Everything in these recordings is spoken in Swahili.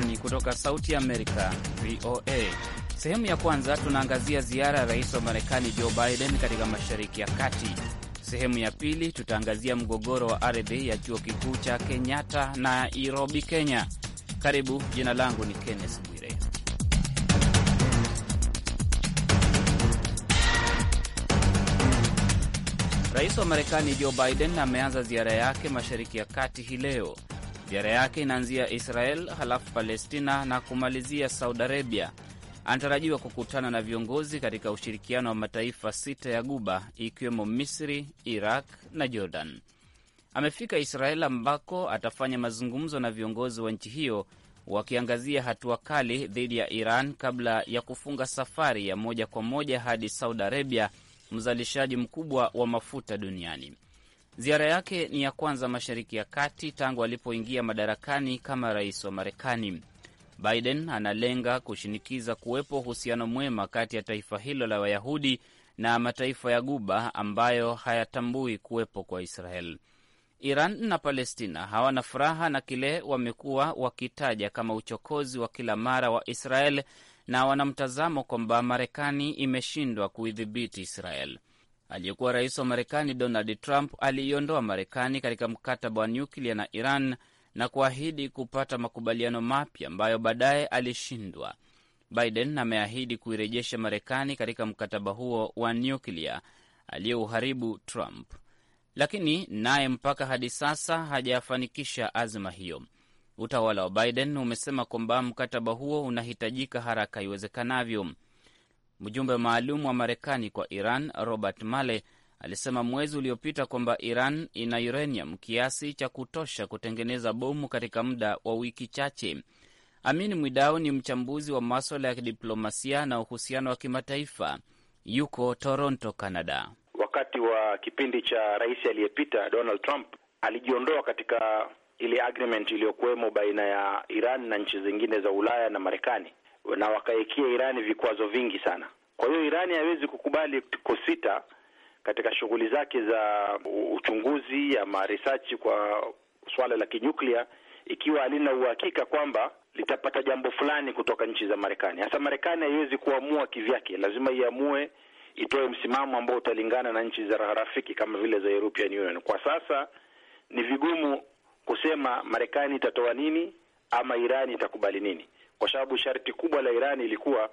Undani kutoka Sauti Amerika, VOA. Sehemu ya kwanza tunaangazia ziara ya rais wa Marekani Joe Biden katika Mashariki ya Kati. Sehemu ya pili tutaangazia mgogoro wa ardhi ya chuo kikuu cha Kenyatta na Nairobi, Kenya. Karibu, jina langu ni Kenneth Bwire. Rais wa Marekani Joe Biden ameanza ziara yake Mashariki ya Kati hii leo Ziara yake inaanzia Israel, halafu Palestina na kumalizia Saudi Arabia. Anatarajiwa kukutana na viongozi katika ushirikiano wa mataifa sita ya Guba, ikiwemo Misri, Iraq na Jordan. Amefika Israel ambako atafanya mazungumzo na viongozi wa nchi hiyo wakiangazia hatua kali dhidi ya Iran kabla ya kufunga safari ya moja kwa moja hadi Saudi Arabia, mzalishaji mkubwa wa mafuta duniani. Ziara yake ni ya kwanza Mashariki ya Kati tangu alipoingia madarakani kama rais wa Marekani. Biden analenga kushinikiza kuwepo uhusiano mwema kati ya taifa hilo la Wayahudi na mataifa ya Guba ambayo hayatambui kuwepo kwa Israel. Iran na Palestina hawana furaha na kile wamekuwa wakitaja kama uchokozi wa kila mara wa Israel na wanamtazamo kwamba Marekani imeshindwa kuidhibiti Israel aliyekuwa rais wa Marekani Donald Trump aliiondoa Marekani katika mkataba wa nyuklia na Iran na kuahidi kupata makubaliano mapya ambayo baadaye alishindwa. Biden ameahidi kuirejesha Marekani katika mkataba huo wa nyuklia aliyouharibu Trump, lakini naye mpaka hadi sasa hajafanikisha azma hiyo. Utawala wa Biden umesema kwamba mkataba huo unahitajika haraka iwezekanavyo. Mjumbe maalum wa Marekani kwa Iran Robert Malley alisema mwezi uliopita kwamba Iran ina uranium kiasi cha kutosha kutengeneza bomu katika muda wa wiki chache. Amin Mwidau ni mchambuzi wa maswala ya kidiplomasia na uhusiano wa kimataifa, yuko Toronto, Canada. Wakati wa kipindi cha rais aliyepita Donald Trump alijiondoa katika ile agreement iliyokuwemo baina ya Iran na nchi zingine za Ulaya na Marekani, na wakaekia Irani vikwazo vingi sana. Kwa hiyo Irani haiwezi kukubali kusita katika shughuli zake za uchunguzi ama research kwa swala la kinyuklia, ikiwa halina uhakika kwamba litapata jambo fulani kutoka nchi za Marekani. Hasa Marekani haiwezi kuamua kivyake, lazima iamue itoe msimamo ambao utalingana na nchi za rafiki kama vile za European Union. Kwa sasa ni vigumu kusema Marekani itatoa nini ama Irani itakubali nini kwa sababu sharti kubwa la iran ilikuwa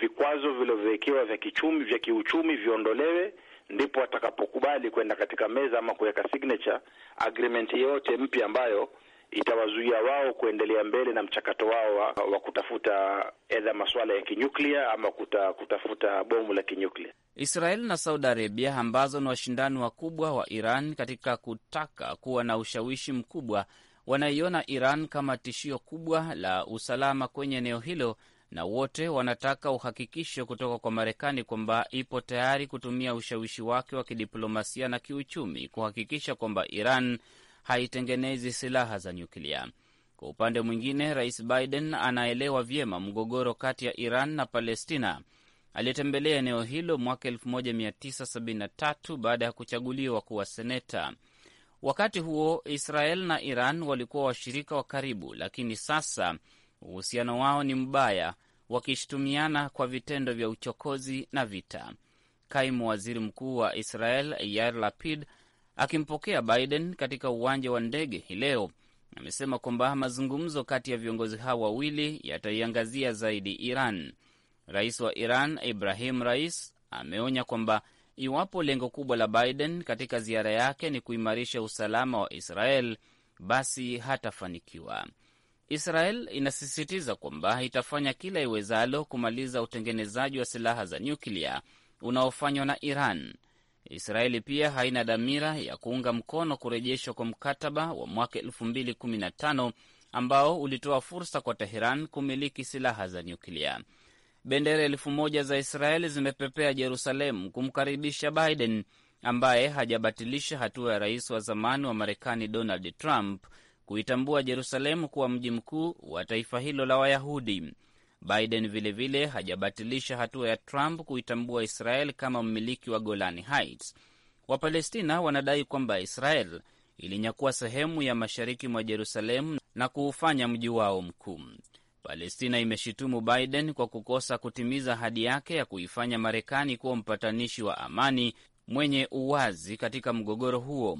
vikwazo vilivyowekewa vya kichumi vya kiuchumi viondolewe, ndipo watakapokubali kwenda katika meza ama kuweka signature agreement yoyote mpya ambayo itawazuia wao kuendelea mbele na mchakato wao wa, wa kutafuta edha masuala ya kinyuklia ama kuta, kutafuta bomu la kinyuklia. Israel na Saudi Arabia ambazo ni washindani wakubwa wa Iran katika kutaka kuwa na ushawishi mkubwa wanaiona Iran kama tishio kubwa la usalama kwenye eneo hilo na wote wanataka uhakikisho kutoka kwa Marekani kwamba ipo tayari kutumia ushawishi wake wa kidiplomasia na kiuchumi kuhakikisha kwamba Iran haitengenezi silaha za nyuklia. Kwa upande mwingine, Rais Biden anaelewa vyema mgogoro kati ya Iran na Palestina. Alitembelea eneo hilo mwaka 1973 baada ya kuchaguliwa kuwa seneta. Wakati huo Israel na Iran walikuwa washirika wa karibu, lakini sasa uhusiano wao ni mbaya, wakishutumiana kwa vitendo vya uchokozi na vita. Kaimu waziri mkuu wa Israel Yair Lapid akimpokea Biden katika uwanja wa ndege hii leo amesema kwamba mazungumzo kati ya viongozi hao wawili yataiangazia zaidi Iran. Rais wa Iran Ibrahim Rais ameonya kwamba Iwapo lengo kubwa la Biden katika ziara yake ni kuimarisha usalama wa Israel, basi hatafanikiwa. Israel inasisitiza kwamba itafanya kila iwezalo kumaliza utengenezaji wa silaha za nyuklia unaofanywa na Iran. Israeli pia haina dhamira ya kuunga mkono kurejeshwa kwa mkataba wa mwaka 2015 ambao ulitoa fursa kwa Teheran kumiliki silaha za nyuklia. Bendera elfu moja za Israeli zimepepea Jerusalemu kumkaribisha Biden ambaye hajabatilisha hatua ya rais wa zamani wa Marekani Donald Trump kuitambua Jerusalemu kuwa mji mkuu wa taifa hilo la Wayahudi. Biden vilevile vile hajabatilisha hatua ya Trump kuitambua Israel kama mmiliki wa Golani Heights. Wapalestina wanadai kwamba Israel ilinyakua sehemu ya mashariki mwa Jerusalemu na kuufanya mji wao mkuu. Palestina imeshutumu Biden kwa kukosa kutimiza ahadi yake ya kuifanya Marekani kuwa mpatanishi wa amani mwenye uwazi katika mgogoro huo.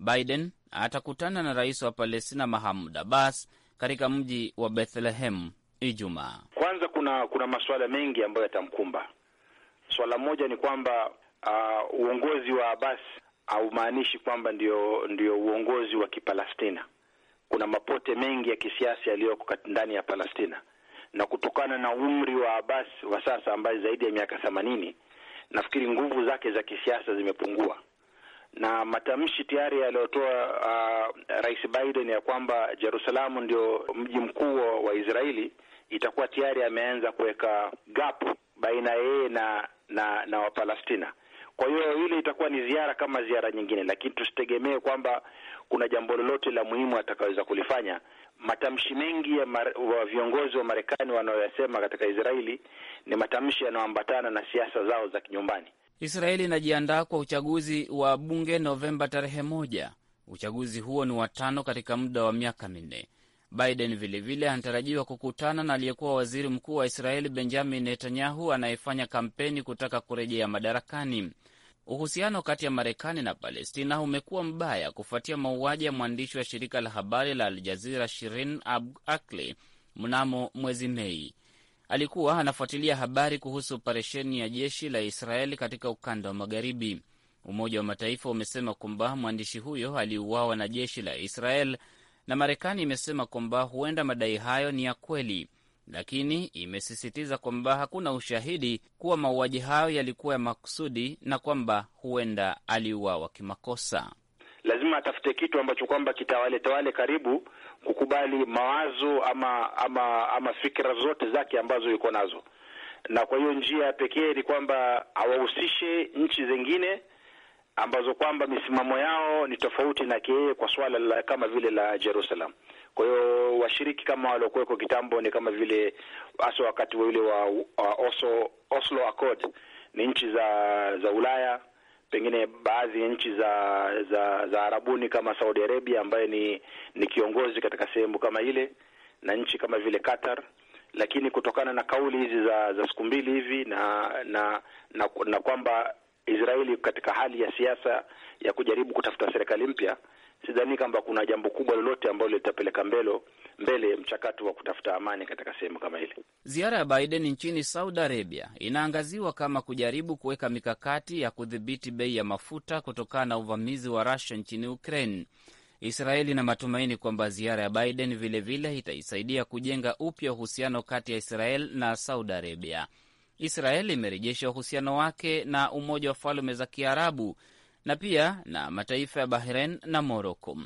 Biden atakutana na rais wa Palestina mahamud Abbas katika mji wa Bethlehem Ijumaa. Kwanza kuna kuna masuala mengi ambayo yatamkumba. Swala moja ni kwamba uh, uongozi wa Abbas haumaanishi kwamba ndio, ndio uongozi wa Kipalestina kuna mapote mengi ya kisiasa yaliyoko ndani ya Palestina, na kutokana na umri wa Abbas wa sasa ambaye zaidi ya miaka themanini, nafikiri nguvu zake za kisiasa zimepungua, na matamshi tayari yaliyotoa uh, Rais Biden ya kwamba Jerusalemu ndio mji mkuu wa Israeli itakuwa tayari ameanza kuweka gap baina yeye na na, na Wapalestina kwa hiyo ile itakuwa ni ziara kama ziara nyingine, lakini tusitegemee kwamba kuna jambo lolote la muhimu atakaweza kulifanya. Matamshi mengi ya wa viongozi wa Marekani wanaoyasema katika Israeli ni matamshi yanayoambatana na siasa zao za kinyumbani. Israeli inajiandaa kwa uchaguzi wa bunge Novemba tarehe moja. Uchaguzi huo ni watano katika muda wa miaka minne. Biden vilevile anatarajiwa kukutana na aliyekuwa waziri mkuu wa Israeli Benjamin Netanyahu anayefanya kampeni kutaka kurejea madarakani. Uhusiano kati ya Marekani na Palestina umekuwa mbaya kufuatia mauaji ya mwandishi wa shirika la habari la Aljazira Shirin Abu Akleh mnamo mwezi Mei. Alikuwa anafuatilia habari kuhusu operesheni ya jeshi la Israeli katika ukanda wa magharibi. Umoja wa Mataifa umesema kwamba mwandishi huyo aliuawa na jeshi la Israel na Marekani imesema kwamba huenda madai hayo ni ya kweli, lakini imesisitiza kwamba hakuna ushahidi kuwa mauaji hayo yalikuwa ya makusudi na kwamba huenda aliuawa kimakosa. Lazima atafute kitu ambacho kwamba kitawaleta wale karibu kukubali mawazo ama ama ama fikira zote zake ambazo yuko nazo, na kwa hiyo njia pekee ni kwamba awahusishe nchi zingine ambazo kwamba misimamo yao ni tofauti na kiyeye kwa swala la kama vile la Jerusalem. Kwa hiyo washiriki kama waliokuweko kitambo ni kama vile hasa wakati wa ule wa, wa Oslo, Oslo Accord ni nchi za za Ulaya, pengine baadhi ya nchi za za za Arabuni kama Saudi Arabia ambaye ni ni kiongozi katika sehemu kama ile na nchi kama vile Qatar lakini kutokana na kauli hizi za za siku mbili hivi na na na, na kwamba Israeli katika hali ya siasa ya kujaribu kutafuta serikali mpya, sidhani kwamba kuna jambo kubwa lolote ambalo litapeleka mbele mbele mchakato wa kutafuta amani katika sehemu kama ile. Ziara ya Biden nchini Saudi Arabia inaangaziwa kama kujaribu kuweka mikakati ya kudhibiti bei ya mafuta kutokana na uvamizi wa Russia nchini Ukraine. Israeli ina matumaini kwamba ziara ya Biden vilevile vile itaisaidia kujenga upya uhusiano kati ya Israel na Saudi Arabia. Israel imerejesha uhusiano wake na Umoja wa Falme za Kiarabu na pia na mataifa ya Bahrain na Moroko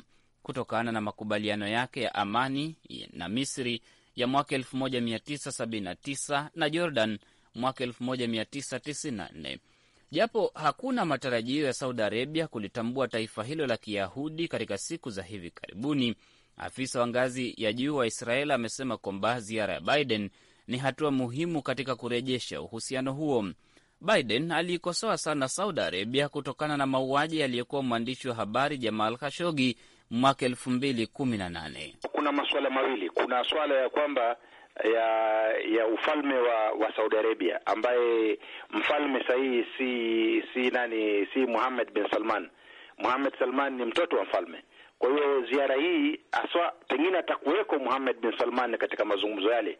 kutokana na makubaliano yake ya amani na Misri ya mwaka 1979 na Jordan mwaka 1994. Japo hakuna matarajio ya Saudi Arabia kulitambua taifa hilo la Kiyahudi katika siku za hivi karibuni, afisa wa ngazi ya juu wa Israel amesema kwamba ziara ya Biden ni hatua muhimu katika kurejesha uhusiano huo. Biden aliikosoa sana Saudi Arabia kutokana na mauaji aliyekuwa mwandishi wa habari Jamal Khashoggi mwaka elfu mbili kumi na nane. Kuna masuala mawili, kuna swala ya kwamba ya ya ufalme wa wa Saudi Arabia ambaye mfalme sahihi si si nani, si Muhammad bin Salman. Muhammad Salman ni mtoto wa mfalme. Kwa hiyo ziara hii aswa, pengine atakuweko Muhammad bin Salman katika mazungumzo yale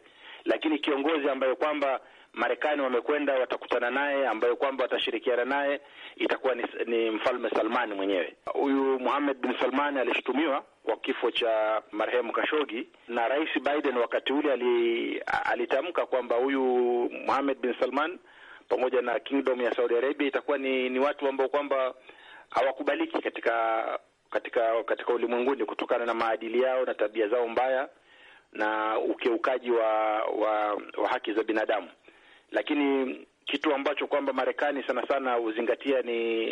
lakini kiongozi ambayo kwamba Marekani wamekwenda watakutana naye, ambayo kwamba watashirikiana naye itakuwa ni, ni mfalme Salmani mwenyewe. Huyu muhamed bin Salmani alishutumiwa kwa kifo cha marehemu Kashogi, na Rais Biden wakati ule ali, alitamka kwamba huyu muhamed bin Salman pamoja na kingdom ya Saudi Arabia itakuwa ni, ni watu ambao kwamba hawakubaliki katika katika katika ulimwenguni kutokana na maadili yao na tabia zao mbaya na ukiukaji wa, wa, wa haki za binadamu, lakini kitu ambacho kwamba Marekani sana sana huzingatia ni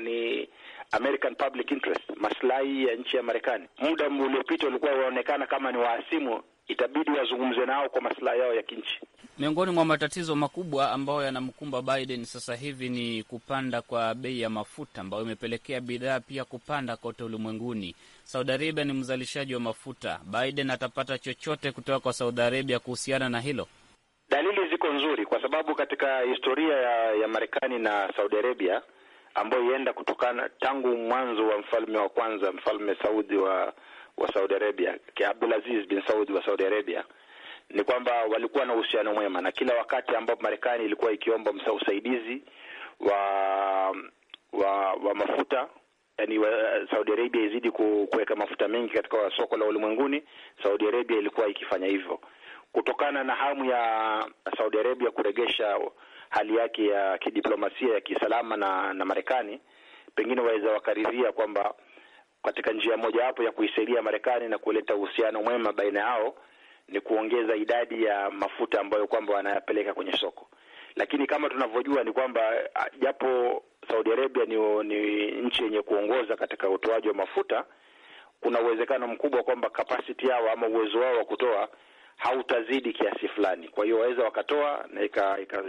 ni American Public Interest, maslahi ya nchi ya Marekani. Muda uliopita ulikuwa unaonekana kama ni waasimu itabidi wazungumze nao kwa masilahi yao ya kinchi. Miongoni mwa matatizo makubwa ambayo yanamkumba Biden sasa hivi ni kupanda kwa bei ya mafuta ambayo imepelekea bidhaa pia kupanda kote ulimwenguni. Saudi Arabia ni mzalishaji wa mafuta. Biden atapata chochote kutoka kwa Saudi Arabia kuhusiana na hilo? Dalili ziko nzuri, kwa sababu katika historia ya, ya Marekani na Saudi Arabia ambayo ienda kutokana tangu mwanzo wa mfalme wa kwanza, mfalme Saudi wa wa Saudi Arabia, Abdulaziz bin Saud wa Saudi Arabia, ni kwamba walikuwa na uhusiano mwema, na kila wakati ambapo Marekani ilikuwa ikiomba usaidizi wa wa wa mafuta yani wa Saudi Arabia izidi kuweka mafuta mengi katika soko la ulimwenguni, Saudi Arabia ilikuwa ikifanya hivyo kutokana na hamu ya Saudi Arabia kuregesha hali yake ya kidiplomasia ya kisalama na na Marekani, pengine waweza wakaridhia kwamba katika njia mojawapo ya kuisaidia Marekani na kuleta uhusiano mwema baina yao ni kuongeza idadi ya mafuta ambayo kwamba wanayapeleka kwenye soko. Lakini kama tunavyojua ni kwamba japo Saudi Arabia ni, ni nchi yenye kuongoza katika utoaji wa mafuta, kuna uwezekano mkubwa kwamba capacity yao ama uwezo wao wa kutoa hautazidi kiasi fulani. Kwa hiyo waweza wakatoa na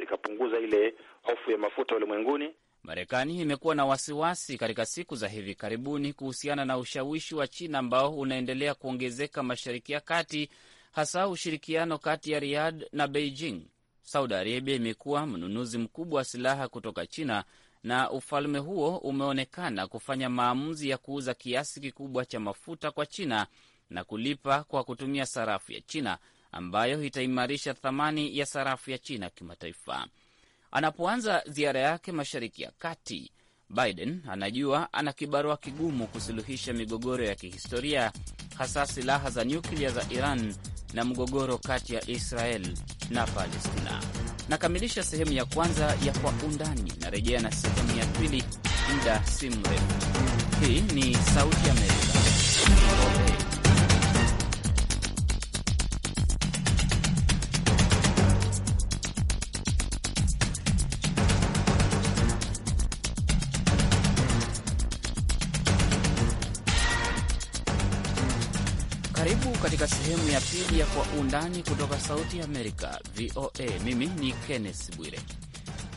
ikapunguza ile hofu ya mafuta ulimwenguni. Marekani imekuwa na wasiwasi katika siku za hivi karibuni kuhusiana na ushawishi wa China ambao unaendelea kuongezeka Mashariki ya Kati, hasa ushirikiano kati ya riad na Beijing. Saudi Arabia imekuwa mnunuzi mkubwa wa silaha kutoka China na ufalme huo umeonekana kufanya maamuzi ya kuuza kiasi kikubwa cha mafuta kwa China na kulipa kwa kutumia sarafu ya China ambayo itaimarisha thamani ya sarafu ya China kimataifa. Anapoanza ziara yake Mashariki ya Kati, Biden anajua ana kibarua kigumu kusuluhisha migogoro ya kihistoria, hasa silaha za nyuklia za Iran na mgogoro kati ya Israel na Palestina. Nakamilisha sehemu ya kwanza ya Kwa Undani, narejea na sehemu ya pili muda si mrefu. Hii ni Sauti ya Amerika. katika sehemu ya pili ya Kwa Undani kutoka Sauti ya Amerika, VOA. Mimi ni Kenneth Bwire.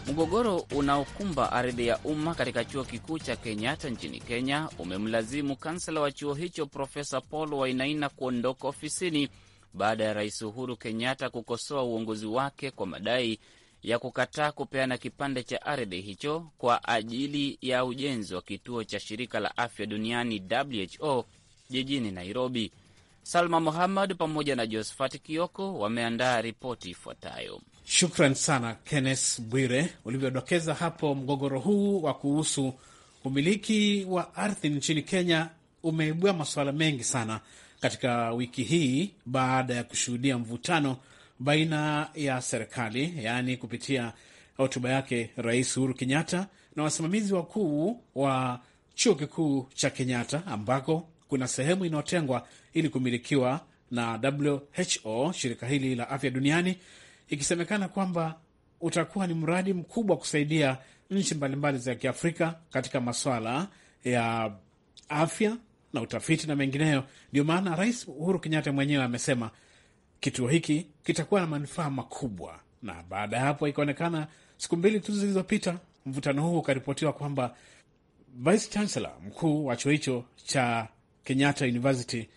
Mgogoro unaokumba ardhi ya umma katika chuo kikuu cha Kenyatta nchini Kenya umemlazimu kansela wa chuo hicho Profesa Paul Wainaina kuondoka ofisini baada ya Rais Uhuru Kenyatta kukosoa uongozi wake kwa madai ya kukataa kupeana kipande cha ardhi hicho kwa ajili ya ujenzi wa kituo cha shirika la afya duniani WHO jijini Nairobi. Salma Muhammad pamoja na Josephat Kioko wameandaa ripoti ifuatayo. Shukran sana Kennes Bwire. Ulivyodokeza hapo, mgogoro huu wa kuhusu umiliki wa ardhi nchini Kenya umeibua masuala mengi sana katika wiki hii baada ya kushuhudia mvutano baina ya serikali, yaani kupitia hotuba yake Rais Uhuru Kenyatta na wasimamizi wakuu wa chuo kikuu cha Kenyatta ambako kuna sehemu inayotengwa ili kumilikiwa na WHO, shirika hili la afya duniani, ikisemekana kwamba utakuwa ni mradi mkubwa kusaidia nchi mbalimbali za Kiafrika katika maswala ya afya na utafiti na mengineyo. Ndio maana Rais Uhuru Kenyatta mwenyewe amesema kituo hiki kitakuwa na manufaa makubwa. Na baada ya hapo, ikaonekana siku mbili tu zilizopita, mvutano huu ukaripotiwa kwamba Vice Chancellor mkuu wa chuo hicho cha Kenyatta University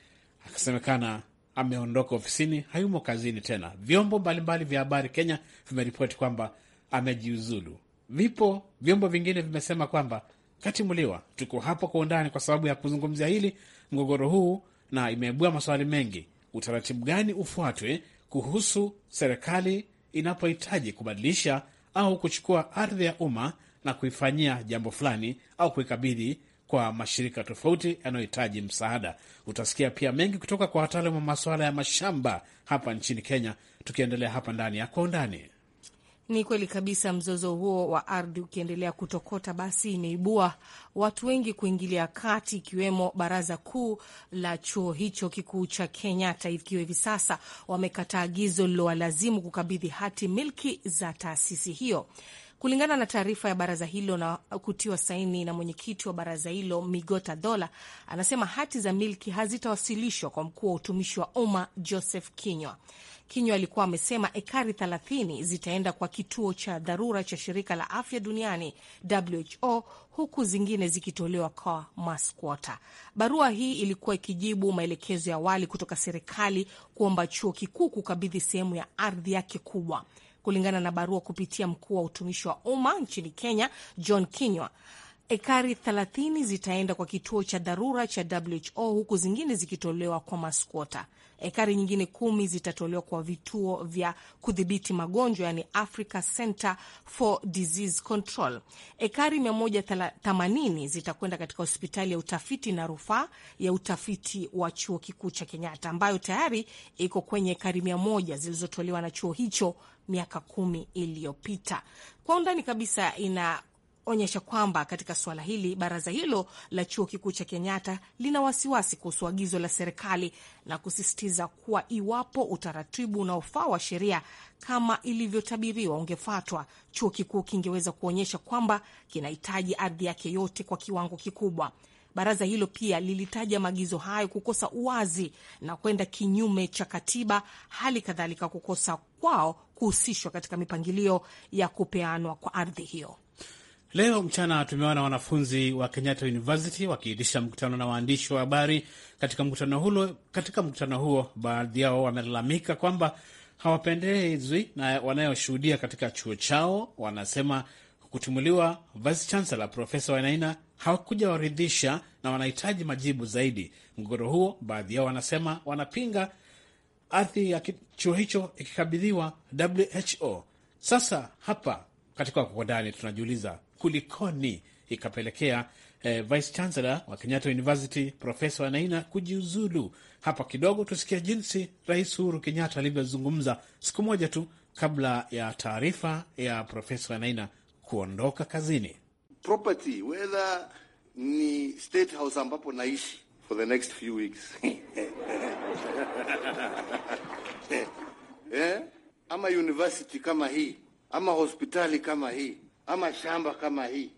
akasemekana ameondoka ofisini, hayumo kazini tena. Vyombo mbalimbali vya habari Kenya vimeripoti kwamba amejiuzulu. Vipo vyombo vingine vimesema kwamba katimuliwa. Tuko hapo kwa undani kwa sababu ya kuzungumzia hili mgogoro huu, na imeibua maswali mengi. Utaratibu gani ufuatwe kuhusu serikali inapohitaji kubadilisha au kuchukua ardhi ya umma na kuifanyia jambo fulani au kuikabidhi kwa mashirika tofauti yanayohitaji msaada. Utasikia pia mengi kutoka kwa wataalamu wa masuala ya mashamba hapa nchini Kenya, tukiendelea hapa ndani ya Kwa Undani. Ni kweli kabisa, mzozo huo wa ardhi ukiendelea kutokota, basi imeibua watu wengi kuingilia kati, ikiwemo baraza kuu la chuo hicho kikuu cha Kenyatta, ikiwa hivi sasa wamekataa agizo lilowalazimu kukabidhi hati milki za taasisi hiyo. Kulingana na taarifa ya baraza hilo na kutiwa saini na mwenyekiti wa baraza hilo Migota Dola, anasema hati za milki hazitawasilishwa kwa mkuu wa utumishi wa umma Joseph Kinywa. Kinywa alikuwa amesema ekari 30 zitaenda kwa kituo cha dharura cha shirika la afya duniani WHO, huku zingine zikitolewa kwa maskwota. Barua hii ilikuwa ikijibu maelekezo ya awali kutoka serikali kuomba chuo kikuu kukabidhi sehemu ya ardhi yake kubwa kulingana na barua kupitia mkuu wa utumishi wa umma nchini Kenya, John kinywa Ekari 30 zitaenda kwa kituo cha dharura cha WHO huku zingine zikitolewa kwa maskwota. Ekari nyingine kumi zitatolewa kwa vituo vya kudhibiti magonjwa yani Africa Center for Disease Control. Ekari 180 zitakwenda katika hospitali ya utafiti na rufaa ya utafiti wa chuo kikuu cha Kenyatta ambayo tayari iko kwenye ekari moja zilizotolewa na chuo hicho miaka kumi iliyopita. Kwa undani kabisa ina onyesha kwamba katika suala hili baraza hilo la chuo kikuu cha Kenyatta lina wasiwasi kuhusu agizo la serikali na kusisitiza kuwa iwapo utaratibu unaofaa wa sheria kama ilivyotabiriwa ungefuatwa, chuo kikuu kingeweza kuonyesha kwamba kinahitaji ardhi yake yote kwa kiwango kikubwa. Baraza hilo pia lilitaja maagizo hayo kukosa uwazi na kwenda kinyume cha katiba, hali kadhalika kukosa kwao kuhusishwa katika mipangilio ya kupeanwa kwa ardhi hiyo. Leo mchana tumeona wanafunzi wa Kenyatta University wakiitisha mkutano na waandishi wa habari. Katika mkutano huo, katika mkutano huo baadhi yao wamelalamika kwamba hawapendezwi na wanayoshuhudia katika chuo chao. Wanasema kutumuliwa vice chancellor Profesa Wainaina hawakuja waridhisha na wanahitaji majibu zaidi. Mgogoro huo, baadhi yao wanasema wanapinga ardhi ya chuo hicho ikikabidhiwa WHO. Sasa hapa katika wakokodani tunajiuliza kulikoni ikapelekea eh, Vice Chancellor wa Kenyatta University Profesa Wanaina kujiuzulu. Hapa kidogo tusikia jinsi Rais Uhuru Kenyatta alivyozungumza siku moja tu kabla ya taarifa ya Profesa Wanaina kuondoka kazini. Property whether ni State House ambapo naishi for the next few weeks yeah? Eh? ama university kama hii ama hospitali kama hii ama shamba kama hii.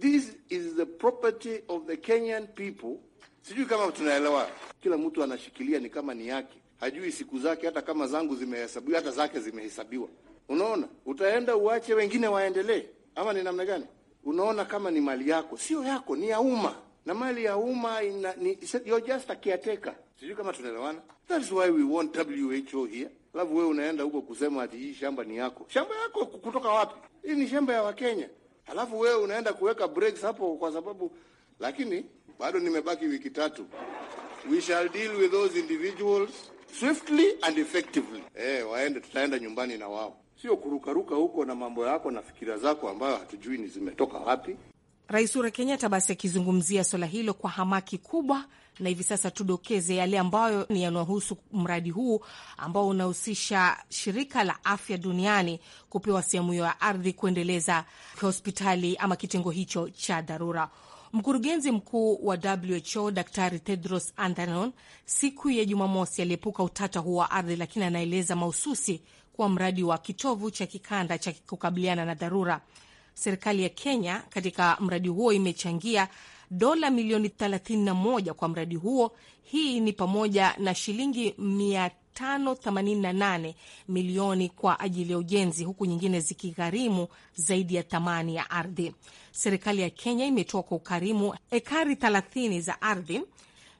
This is the property of the Kenyan people. Sijui kama tunaelewa. Kila mtu anashikilia ni kama ni yake, hajui siku zake, hata kama zangu zimehesabiwa, hata zake zimehesabiwa. Unaona, utaenda uache wengine waendelee, ama ni namna gani? Unaona kama ni mali yako, sio yako, ni ya umma, na mali ya umma ina, ni, you're just a caretaker. Sijui kama tunaelewana. That's why we want WHO here alafu wewe unaenda huko kusema ati hii shamba ni yako. Shamba yako kutoka wapi? Hii ni shamba ya Wakenya, alafu wewe unaenda kuweka breaks hapo kwa sababu. Lakini bado nimebaki wiki tatu. We shall deal with those individuals swiftly and effectively. Eh, waende, tutaenda nyumbani na wao, sio kurukaruka huko na mambo yako na fikira zako ambayo hatujui ni zimetoka wapi. Rais Uhuru Kenyatta basi akizungumzia swala hilo kwa hamaki kubwa na hivi sasa tudokeze yale ambayo ni yanahusu mradi huu ambao unahusisha shirika la afya duniani kupewa sehemu hiyo ya ardhi kuendeleza hospitali ama kitengo hicho cha dharura. Mkurugenzi mkuu wa WHO Daktari Tedros Adhanom siku ya Jumamosi aliepuka utata huo wa ardhi, lakini anaeleza mahususi kuwa mradi wa kitovu cha kikanda cha kukabiliana na dharura. Serikali ya Kenya katika mradi huo imechangia dola milioni 31 kwa mradi huo. Hii ni pamoja na shilingi 588 milioni kwa ajili ya ujenzi, huku nyingine zikigharimu zaidi ya thamani ya ardhi. Serikali ya Kenya imetoa kwa ukarimu ekari 30 za ardhi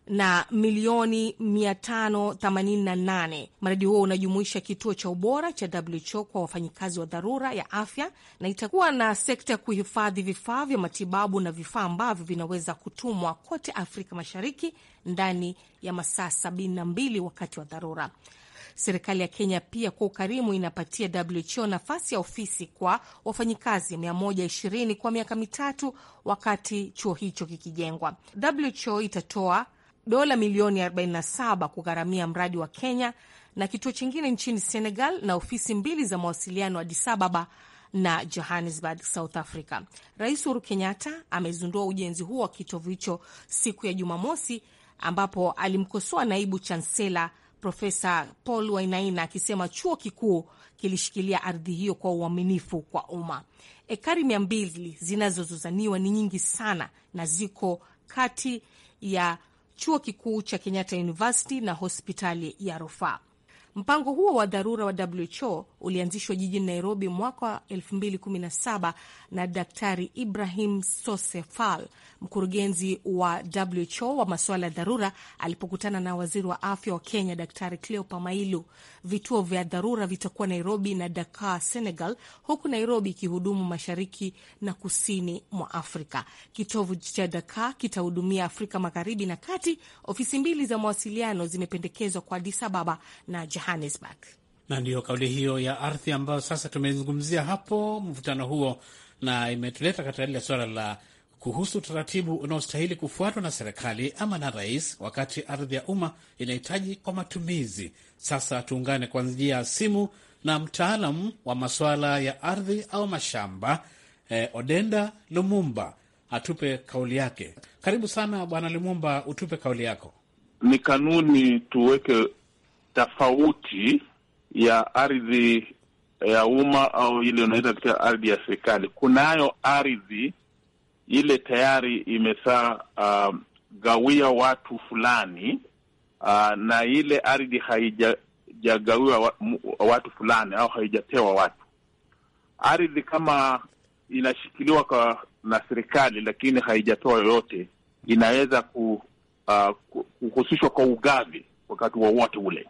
na milioni 588. Mradi huo unajumuisha kituo cha ubora cha WHO kwa wafanyikazi wa dharura ya afya na itakuwa na sekta ya kuhifadhi vifaa vya matibabu na vifaa ambavyo vinaweza kutumwa kote Afrika Mashariki ndani ya masaa 72 wakati wa dharura. Serikali ya Kenya pia kwa ukarimu inapatia WHO nafasi ya ofisi kwa wafanyikazi 120 kwa miaka mitatu wakati chuo hicho kikijengwa. WHO itatoa dola milioni 47 kugharamia mradi wa Kenya na kituo chingine nchini Senegal na ofisi mbili za mawasiliano Addis Ababa na Johannesburg, South Africa. Rais Uhuru Kenyatta amezindua ujenzi huo wa kitovu hicho siku ya Jumamosi, ambapo alimkosoa naibu chansela Profesa Paul Wainaina akisema chuo kikuu kilishikilia ardhi hiyo kwa uaminifu kwa umma. Ekari mia mbili zinazozozaniwa ni nyingi sana na ziko kati ya chuo kikuu cha Kenyatta University na hospitali ya rufaa. Mpango huo wa dharura wa WHO ulianzishwa jijini Nairobi mwaka wa 2017 na Daktari Ibrahim Sosefal, mkurugenzi wa WHO wa masuala ya dharura, alipokutana na waziri wa afya wa Kenya, Daktari Cleopa Mailu vituo vya dharura vitakuwa Nairobi na Dakar, Senegal, huku Nairobi ikihudumu mashariki na kusini mwa Afrika. Kitovu cha Dakar kitahudumia Afrika magharibi na kati. Ofisi mbili za mawasiliano zimependekezwa kwa Addis Ababa na Johannesburg. Na ndiyo kauli hiyo ya ardhi ambayo sasa tumezungumzia hapo mvutano huo, na imetuleta katika lile swala la kuhusu utaratibu unaostahili kufuatwa na serikali ama na rais wakati ardhi ya umma inahitaji kwa matumizi. Sasa tuungane kwa njia ya simu na mtaalam wa masuala ya ardhi au mashamba eh, Odenda Lumumba atupe kauli yake. Karibu sana Bwana Lumumba, utupe kauli yako. Ni kanuni tuweke tofauti ya ardhi ya umma au ile unaita katika ardhi ya serikali. Kunayo ardhi ile tayari imesha uh, gawia watu fulani uh, na ile ardhi haijagawiwa wa, watu fulani au haijapewa watu. Ardhi kama inashikiliwa kwa na serikali lakini haijapewa yoyote, inaweza uh, kuhusishwa uh, kwa ugavi wakati wowote wa ule.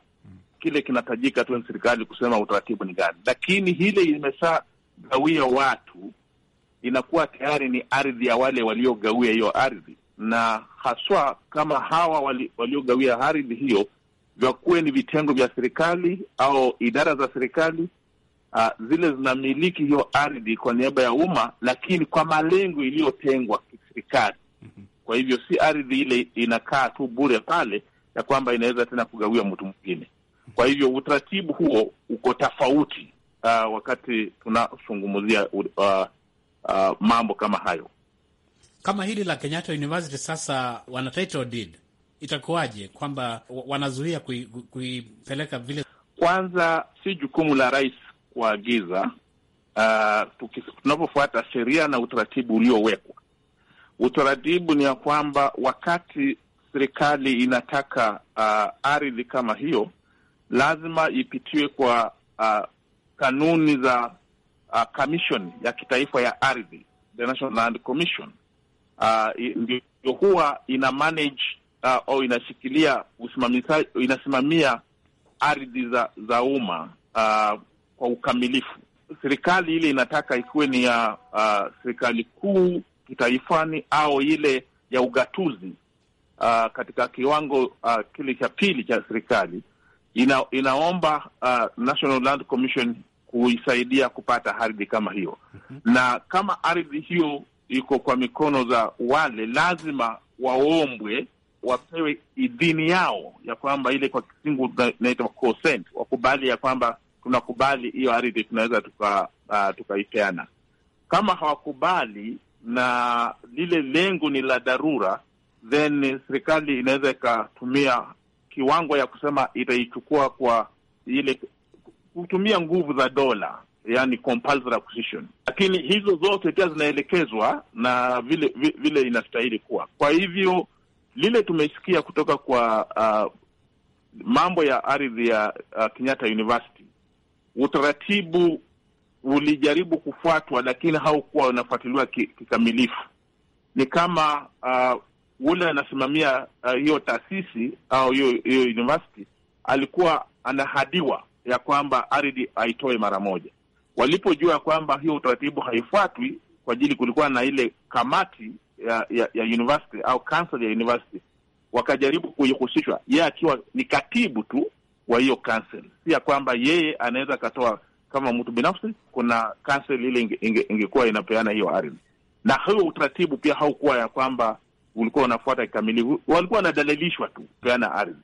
Kile kinatajika tu serikali kusema utaratibu ni gani, lakini hile gawia watu inakuwa tayari ni ardhi ya wale waliogawia hiyo ardhi, na haswa kama hawa wali, waliogawia ardhi hiyo vyakuwe ni vitengo vya serikali au idara za serikali uh, zile zinamiliki hiyo ardhi kwa niaba ya umma, lakini kwa malengo iliyotengwa kiserikali. Kwa hivyo si ardhi ile inakaa tu bure pale ya kwamba inaweza tena kugawia mtu mwingine. Kwa hivyo utaratibu huo uko tofauti uh, wakati tunazungumzia uh, uh, mambo kama hayo. Kama hili la Kenyatta University sasa wana title deed, itakuwaje kwamba wanazuia kuipeleka kui vile? Kwanza si jukumu la rais kuagiza. Uh, tunapofuata sheria na utaratibu uliowekwa, utaratibu ni ya kwamba wakati serikali inataka uh, ardhi kama hiyo lazima ipitiwe kwa uh, kanuni za uh, commission ya kitaifa ya ardhi, the National Land Commission uh, ndio uh, huwa ina manage uh, au inashikilia inasimamia ardhi za za umma uh, kwa ukamilifu. Serikali ile inataka ikiwe ni ya uh, serikali kuu kitaifani au ile ya ugatuzi uh, katika kiwango uh, kile cha pili cha serikali ina, inaomba uh, National Land Commission kuisaidia kupata ardhi kama hiyo. Mhm. Na kama ardhi hiyo iko kwa mikono za wale, lazima waombwe wapewe idhini yao ya kwamba ile kwa kisingu inaitwa consent, wakubali ya kwamba tunakubali hiyo ardhi tunaweza tukaipeana. uh, tukaipeana. Kama hawakubali na lile lengo ni la dharura, then serikali inaweza ikatumia kiwango ya kusema itaichukua kwa ile kutumia nguvu za dola, yani compulsory acquisition. Lakini hizo zote pia zinaelekezwa na vile vile inastahili kuwa. Kwa hivyo lile tumesikia kutoka kwa uh, mambo ya ardhi ya uh, Kenyatta University, utaratibu ulijaribu kufuatwa, lakini haukuwa unafuatiliwa kikamilifu. Ni kama uh, ule anasimamia uh, hiyo uh, taasisi au hiyo university alikuwa anahadiwa ya kwamba ardhi haitoe mara moja. Walipojua ya kwamba hiyo utaratibu haifuatwi, kwa ajili kulikuwa na ile kamati ya, ya, ya university au council ya university, wakajaribu kuihusishwa yeye akiwa ni katibu tu wa hiyo council, si ya kwamba yeye anaweza akatoa kama mtu binafsi. Kuna council ile ingekuwa inge, inge inapeana hiyo ardhi, na huyo utaratibu pia haukuwa ya kwamba ulikuwa unafuata kikamilifu. Walikuwa wanadalilishwa tu peana ardhi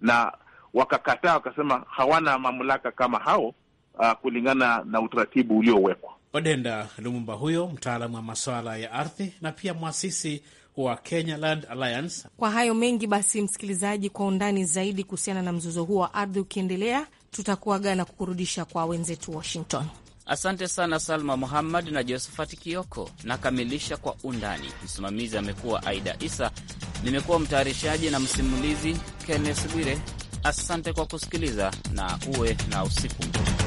na wakakataa, wakasema hawana mamlaka kama hao uh, kulingana na utaratibu uliowekwa. Odenda Lumumba huyo mtaalamu wa masuala ya ardhi na pia mwasisi wa Kenya Land Alliance. Kwa hayo mengi basi, msikilizaji, kwa undani zaidi kuhusiana na mzozo huo wa ardhi ukiendelea, tutakuaga na kukurudisha kwa wenzetu Washington. Asante sana Salma Muhammad na Josephat Kioko. Nakamilisha kwa undani. Msimamizi amekuwa Aida Isa, nimekuwa mtayarishaji na msimulizi Kenneth Bwire. Asante kwa kusikiliza na uwe na usiku mwema.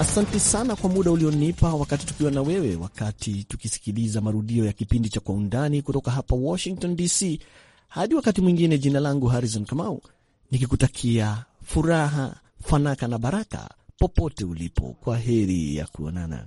Asante sana kwa muda ulionipa wakati tukiwa na wewe, wakati tukisikiliza marudio ya kipindi cha Kwa Undani kutoka hapa Washington DC. Hadi wakati mwingine, jina langu Harrison Kamau, nikikutakia furaha, fanaka na baraka popote ulipo. Kwa heri ya kuonana.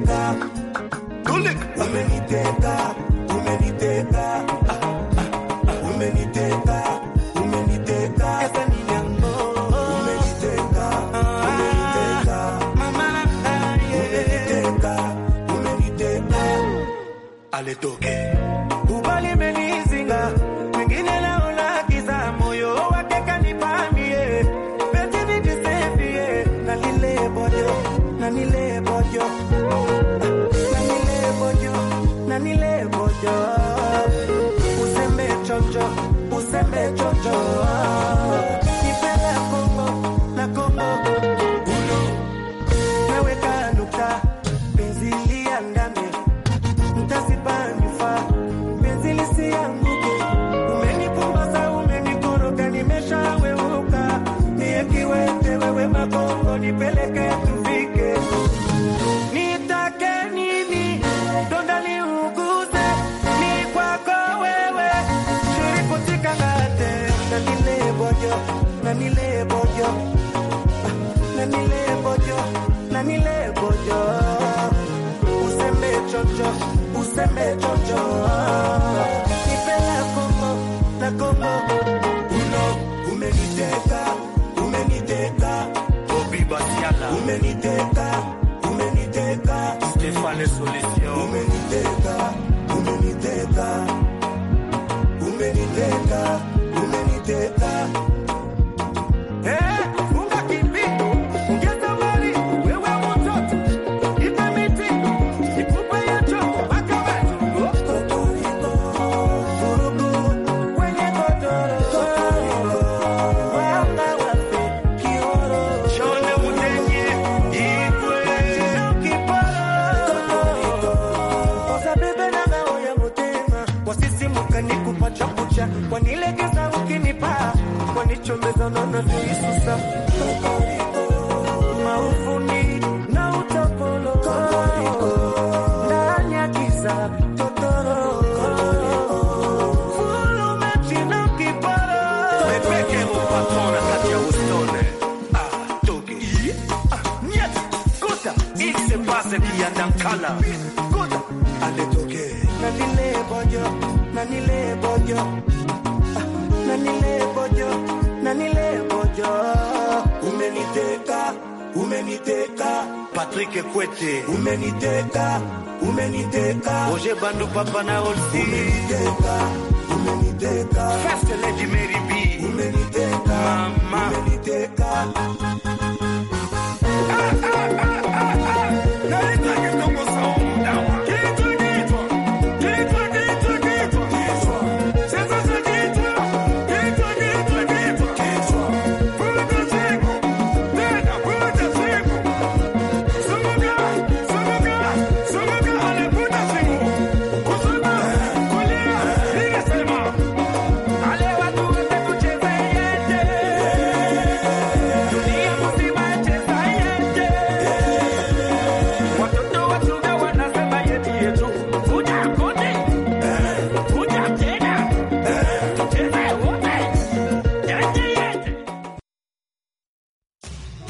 back. nipeleke tufike, nitake nini donda liuguze, ni kwako wewe shurikutikangate nanilebojo nanilebojo nanilebojo nanilebojo usembe chocho usembe chocho umeniteka, umeniteka. Oje bandu papa na olsi. Umeniteka, umeniteka. First lady Mary B. Umeniteka, Mama. umeniteka. Ah, ah, ah.